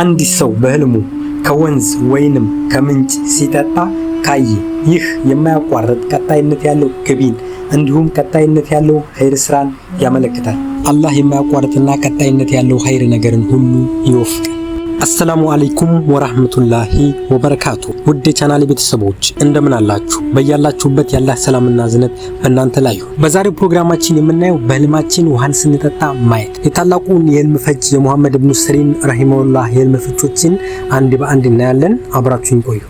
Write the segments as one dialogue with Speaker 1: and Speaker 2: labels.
Speaker 1: አንድ ሰው በህልሙ ከወንዝ ወይንም ከምንጭ ሲጠጣ ካየ ይህ የማያቋርጥ ቀጣይነት ያለው ገቢን እንዲሁም ቀጣይነት ያለው ኸይር ስራን ያመለክታል። አላህ የማያቋርጥና ቀጣይነት ያለው ኸይር ነገርን ሁሉ ይወፍቃል። አሰላሙ አለይኩም ወራህመቱላሂ ወበረካቱ። ውድ የቻናሌ ቤተሰቦች እንደምን አላችሁ? በያላችሁበት ያላህ ሰላምና ዝነት በእናንተ ላይ ይሁን። በዛሬው ፕሮግራማችን የምናየው በህልማችን ውሃን ስንጠጣ ማየት የታላቁን የህልም ፈጅ የሙሐመድ ኢብኑ ሲሪን ረሂመሁላህ የህልም ፍቾችን አንድ በአንድ እናያለን። አብራችሁን ቆዩ።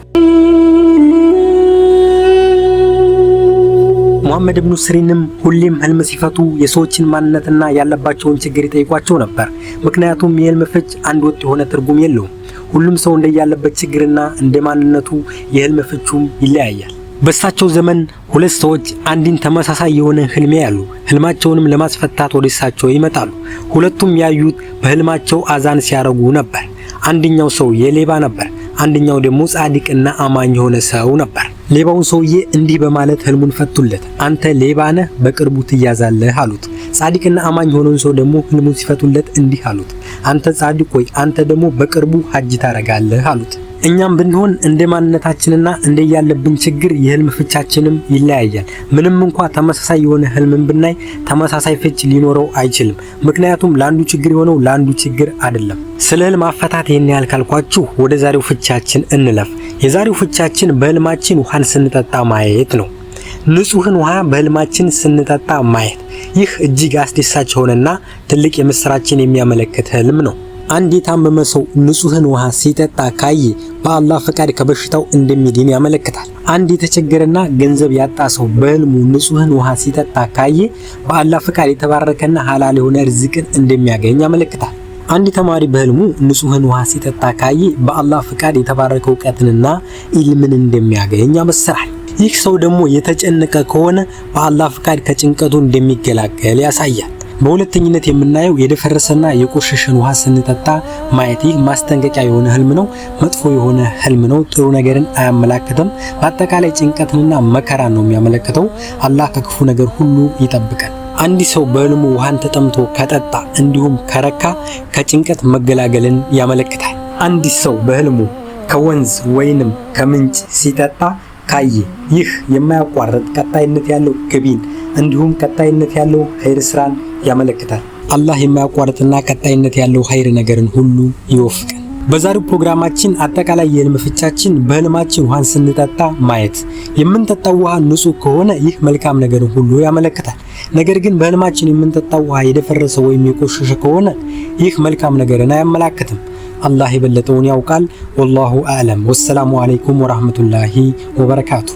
Speaker 1: ሙሐመድ ኢብኑ ስሪንም ሁሌም ህልም ሲፈቱ የሰዎችን ማንነትና ያለባቸውን ችግር ይጠይቋቸው ነበር። ምክንያቱም የህልም ፍች አንድ ወጥ የሆነ ትርጉም የለውም። ሁሉም ሰው እንደያለበት ችግርና እንደ ማንነቱ የህልም ፍቹም ይለያያል። በእሳቸው ዘመን ሁለት ሰዎች አንድን ተመሳሳይ የሆነ ህልም ያሉ፣ ህልማቸውንም ለማስፈታት ወደ እሳቸው ይመጣሉ። ሁለቱም ያዩት በህልማቸው አዛን ሲያረጉ ነበር። አንደኛው ሰው የሌባ ነበር፣ አንደኛው ደግሞ ጻድቅና አማኝ የሆነ ሰው ነበር። ሌባውን ሰውዬ እንዲህ በማለት ህልሙን ፈቱለት። አንተ ሌባ ነህ፣ በቅርቡ ትያዛለህ አሉት። ጻድቅና አማኝ የሆነውን ሰው ደግሞ ህልሙን ሲፈቱለት እንዲህ አሉት። አንተ ጻድቅ ሆይ አንተ ደግሞ በቅርቡ ሀጅ ታረጋለህ አሉት። እኛም ብንሆን እንደ ማንነታችንና እንደ ያለብን ችግር የህልም ፍቻችንም ይለያያል። ምንም እንኳ ተመሳሳይ የሆነ ህልምን ብናይ ተመሳሳይ ፍች ሊኖረው አይችልም። ምክንያቱም ለአንዱ ችግር የሆነው ለአንዱ ችግር አይደለም። ስለ ህልም አፈታት ይህን ያህል ካልኳችሁ ወደ ዛሬው ፍቻችን እንለፍ። የዛሬው ፍቻችን በህልማችን ውሃን ስንጠጣ ማየት ነው። ንጹህን ውሃ በህልማችን ስንጠጣ ማየት፣ ይህ እጅግ አስደሳች የሆነና ትልቅ የምስራችን የሚያመለክት ህልም ነው። አንድ የታመመ ሰው ንጹህን ውሃ ሲጠጣ ካየ በአላህ ፈቃድ ከበሽታው እንደሚድን ያመለክታል። አንድ የተቸገረና ገንዘብ ያጣ ሰው በህልሙ ንጹህን ውሃ ሲጠጣ ካየ በአላህ ፈቃድ የተባረከና ሐላል የሆነ ርዝቅን እንደሚያገኝ ያመለክታል። አንድ ተማሪ በህልሙ ንጹህን ውሃ ሲጠጣ ካየ በአላህ ፈቃድ የተባረከ እውቀትንና ኢልምን እንደሚያገኝ ያበስራል። ይህ ሰው ደግሞ የተጨነቀ ከሆነ በአላህ ፈቃድ ከጭንቀቱ እንደሚገላገል ያሳያል። በሁለተኝነት የምናየው የደፈረሰና የቆሸሸን ውሃ ስንጠጣ ማየት። ይህ ማስጠንቀቂያ የሆነ ህልም ነው፣ መጥፎ የሆነ ህልም ነው። ጥሩ ነገርን አያመላክትም። በአጠቃላይ ጭንቀትንና መከራን ነው የሚያመለክተው። አላህ ከክፉ ነገር ሁሉ ይጠብቀን። አንድ ሰው በህልሙ ውሃን ተጠምቶ ከጠጣ እንዲሁም ከረካ ከጭንቀት መገላገልን ያመለክታል። አንድ ሰው በህልሙ ከወንዝ ወይንም ከምንጭ ሲጠጣ ካየ ይህ የማያቋርጥ ቀጣይነት ያለው ገቢን እንዲሁም ቀጣይነት ያለው ኸይር ስራን ያመለክታል። አላህ የማያቋርጥና ቀጣይነት ያለው ኸይር ነገርን ሁሉ ይወፍቀን። በዛሬው ፕሮግራማችን አጠቃላይ የህልም ፍቻችን በህልማችን ውሃን ስንጠጣ ማየት። የምንጠጣው ውሃ ንጹህ ከሆነ ይህ መልካም ነገርን ሁሉ ያመለክታል። ነገር ግን በህልማችን የምንጠጣው ውሃ የደፈረሰ ወይም የቆሸሸ ከሆነ ይህ መልካም ነገርን አያመላክትም። አላህ የበለጠውን ያውቃል። ወላሁ አዕለም። ወሰላሙ አለይኩም ወራህመቱላሂ ወበረካቱ